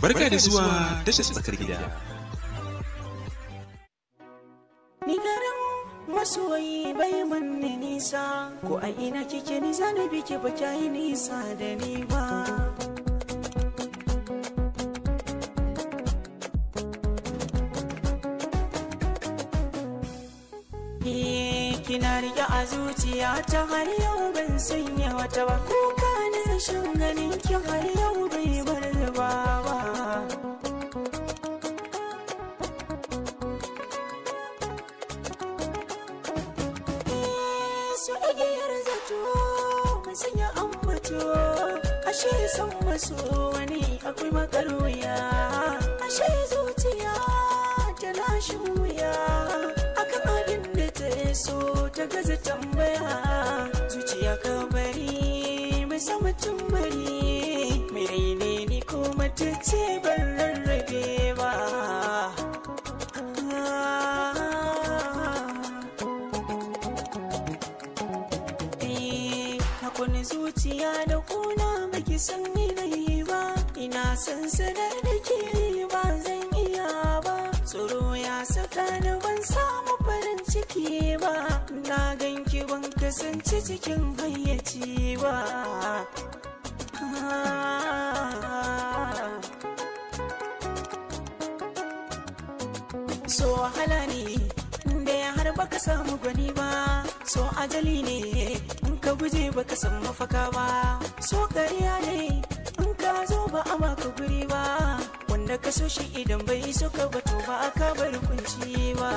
Barka da zuwa tashar tsakar gida. Ni garin masoyi bai manne nisa, ko a ina kike ni zanabi ke ba yi nisa da ni ba. Eh, kina rike a zuciya ta har yau ban sanya wata ba, kuka na shan ganin ki har yau sanya an fito ashe san masu wani akwai makaruya ashe zuciya ta lashe wuya akan abin da ta so ta gaza tambaya zuciya ka bari mai samun bari mai ne ni ko ce ba kuni zuciya da kuna baki san ni nayi ba, ina san sana da ke ba zan iya ba. Tsoro ya saka ni ban samu farin ciki ba, na ganki ban kasance cikin hayyaci ba. So halani da ya har baka samu gwani ba so ajali ne in ka guje baka san mafaka ba so kariya ne in ka zo ba a maka guri ba wanda ka so shi idan bai so ka bato ba ka bar kunci ba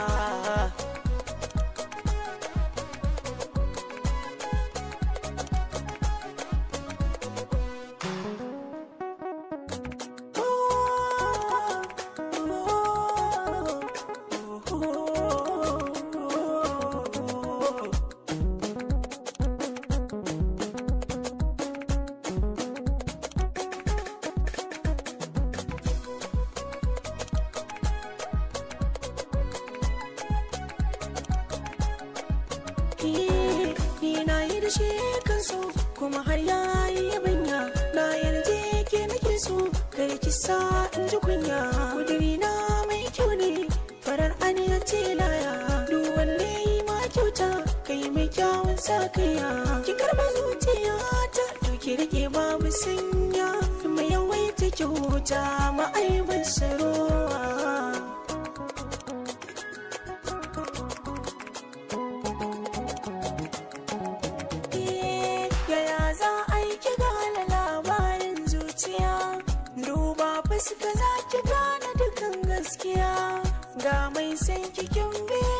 shi kan kuma har yayi yabanya na yarje ke nake so kar ki sa in ji kunya kudiri na mai kyau ne farar aniya ce laya duk wanne ma kyauta kai mai kyawun sa kaiya ki karba zuciya ta to ki rike babu sanya kuma yawaita kyauta ma'aibin sarora Suka za ki gane dukan gaskiya ga mai san kikin biya